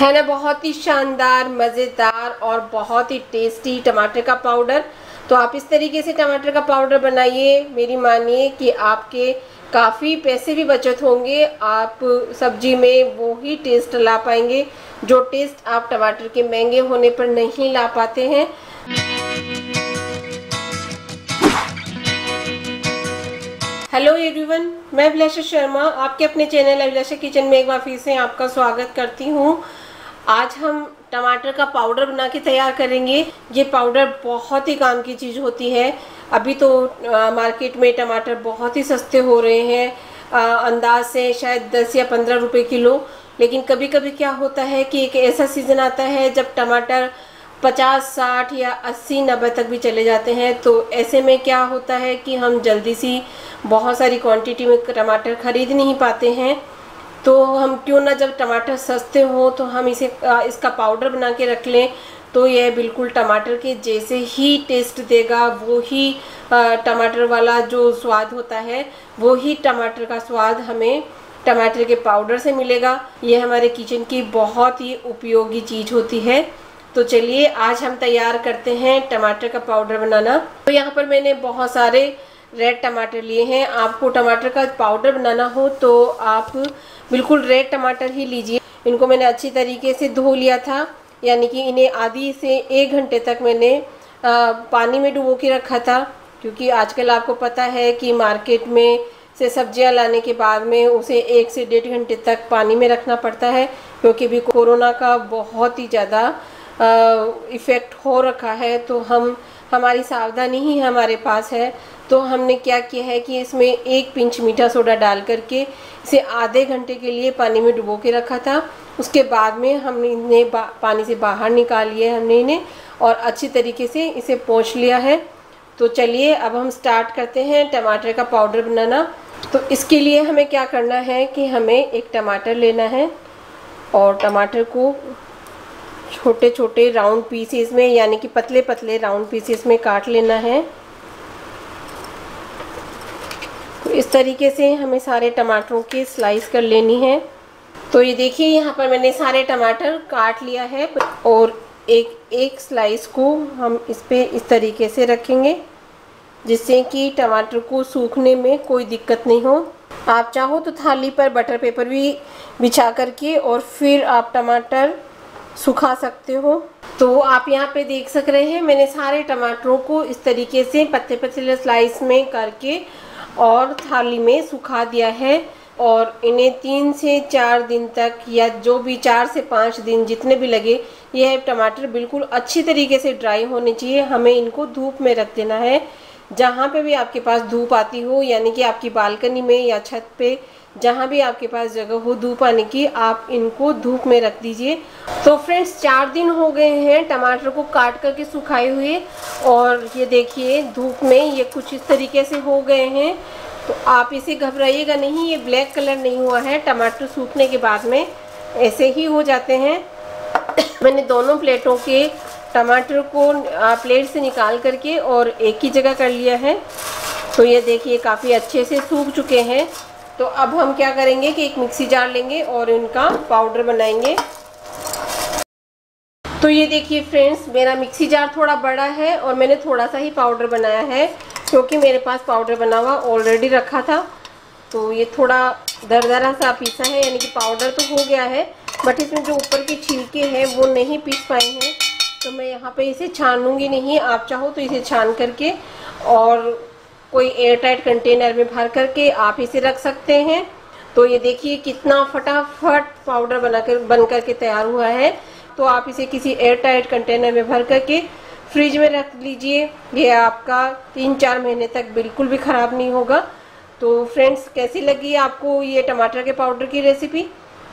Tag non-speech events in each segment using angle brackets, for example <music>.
है ना बहुत ही शानदार मज़ेदार और बहुत ही टेस्टी टमाटर का पाउडर तो आप इस तरीके से टमाटर का पाउडर बनाइए मेरी मानिए कि आपके काफ़ी पैसे भी बचत होंगे आप सब्जी में वो ही टेस्ट ला पाएंगे जो टेस्ट आप टमाटर के महंगे होने पर नहीं ला पाते हैं हेलो एवरीवन मैं अभिलाषा शर्मा आपके अपने चैनल अभिलाषा किचन में एक बार फिर से आपका स्वागत करती हूँ आज हम टमाटर का पाउडर बना के तैयार करेंगे ये पाउडर बहुत ही काम की चीज़ होती है अभी तो आ, मार्केट में टमाटर बहुत ही सस्ते हो रहे हैं अंदाज से शायद दस या पंद्रह रुपए किलो लेकिन कभी कभी क्या होता है कि एक ऐसा सीज़न आता है जब टमाटर पचास साठ या अस्सी नब्बे तक भी चले जाते हैं तो ऐसे में क्या होता है कि हम जल्दी सी बहुत सारी क्वांटिटी में टमाटर ख़रीद नहीं पाते हैं तो हम क्यों ना जब टमाटर सस्ते हो तो हम इसे इसका पाउडर बना के रख लें तो यह बिल्कुल टमाटर के जैसे ही टेस्ट देगा वो ही टमाटर वाला जो स्वाद होता है वो ही टमाटर का स्वाद हमें टमाटर के पाउडर से मिलेगा यह हमारे किचन की बहुत ही उपयोगी चीज़ होती है तो चलिए आज हम तैयार करते हैं टमाटर का पाउडर बनाना तो यहाँ पर मैंने बहुत सारे रेड टमाटर लिए हैं आपको टमाटर का पाउडर बनाना हो तो आप बिल्कुल रेड टमाटर ही लीजिए इनको मैंने अच्छी तरीके से धो लिया था यानी कि इन्हें आधी से एक घंटे तक मैंने आ, पानी में डुबो के रखा था क्योंकि आजकल आपको पता है कि मार्केट में से सब्जियां लाने के बाद में उसे एक से डेढ़ घंटे तक पानी में रखना पड़ता है क्योंकि भी कोरोना का बहुत ही ज़्यादा इफ़ेक्ट हो रखा है तो हम हमारी सावधानी ही हमारे पास है तो हमने क्या किया है कि इसमें एक पिंच मीठा सोडा डाल करके इसे आधे घंटे के लिए पानी में डुबो के रखा था उसके बाद में हमने इन्हें पानी से बाहर निकाल लिया है हमने इन्हें और अच्छी तरीके से इसे पोंछ लिया है तो चलिए अब हम स्टार्ट करते हैं टमाटर का पाउडर बनाना तो इसके लिए हमें क्या करना है कि हमें एक टमाटर लेना है और टमाटर को छोटे छोटे राउंड पीसेस में यानी कि पतले पतले राउंड पीसेस में काट लेना है तो इस तरीके से हमें सारे टमाटरों की स्लाइस कर लेनी है तो ये देखिए यहाँ पर मैंने सारे टमाटर काट लिया है और एक एक स्लाइस को हम इस पर इस तरीके से रखेंगे जिससे कि टमाटर को सूखने में कोई दिक्कत नहीं हो आप चाहो तो थाली पर बटर पेपर भी बिछा करके और फिर आप टमाटर सुखा सकते हो तो आप यहाँ पे देख सक रहे हैं मैंने सारे टमाटरों को इस तरीके से पत्ते पतले स्लाइस में करके और थाली में सुखा दिया है और इन्हें तीन से चार दिन तक या जो भी चार से पाँच दिन जितने भी लगे यह टमाटर बिल्कुल अच्छी तरीके से ड्राई होने चाहिए हमें इनको धूप में रख देना है जहाँ पे भी आपके पास धूप आती हो यानी कि आपकी बालकनी में या छत पे जहाँ भी आपके पास जगह हो धूप आने की आप इनको धूप में रख दीजिए तो फ्रेंड्स चार दिन हो गए हैं टमाटर को काट करके सुखाए हुए और ये देखिए धूप में ये कुछ इस तरीके से हो गए हैं तो आप इसे घबराइएगा नहीं ये ब्लैक कलर नहीं हुआ है टमाटर सूखने के बाद में ऐसे ही हो जाते हैं <coughs> मैंने दोनों प्लेटों के टमाटर को प्लेट से निकाल करके और एक ही जगह कर लिया है तो ये देखिए काफ़ी अच्छे से सूख चुके हैं तो अब हम क्या करेंगे कि एक मिक्सी जार लेंगे और इनका पाउडर बनाएंगे तो ये देखिए फ्रेंड्स मेरा मिक्सी जार थोड़ा बड़ा है और मैंने थोड़ा सा ही पाउडर बनाया है क्योंकि मेरे पास पाउडर बना हुआ ऑलरेडी रखा था तो ये थोड़ा दरदरा सा पीसा है यानी कि पाउडर तो हो गया है बट इसमें जो ऊपर के छिलके हैं वो नहीं पीस पाए हैं तो मैं यहाँ पे इसे छानूंगी नहीं आप चाहो तो इसे छान करके और कोई एयर टाइट कंटेनर में भर करके आप इसे रख सकते हैं तो ये देखिए कितना फटाफट पाउडर बनाकर बन करके तैयार हुआ है तो आप इसे किसी एयर टाइट कंटेनर में भर करके फ्रिज में रख लीजिए ये आपका तीन चार महीने तक बिल्कुल भी ख़राब नहीं होगा तो फ्रेंड्स कैसी लगी आपको ये टमाटर के पाउडर की रेसिपी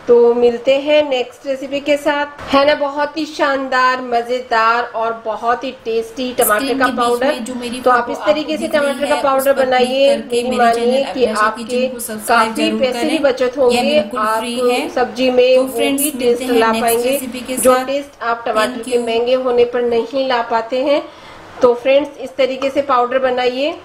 तो मिलते हैं नेक्स्ट रेसिपी के साथ है ना बहुत ही शानदार मजेदार और बहुत ही टेस्टी टमाटर का पाउडर तो आप इस तरीके से टमाटर का पाउडर बनाइए मानिए कि आपके काफी पैसे भी बचत होंगे आप सब्जी में तो वो टेस्ट ला पाएंगे जो टेस्ट आप टमाटर के महंगे होने पर नहीं ला पाते हैं तो फ्रेंड्स इस तरीके से पाउडर बनाइए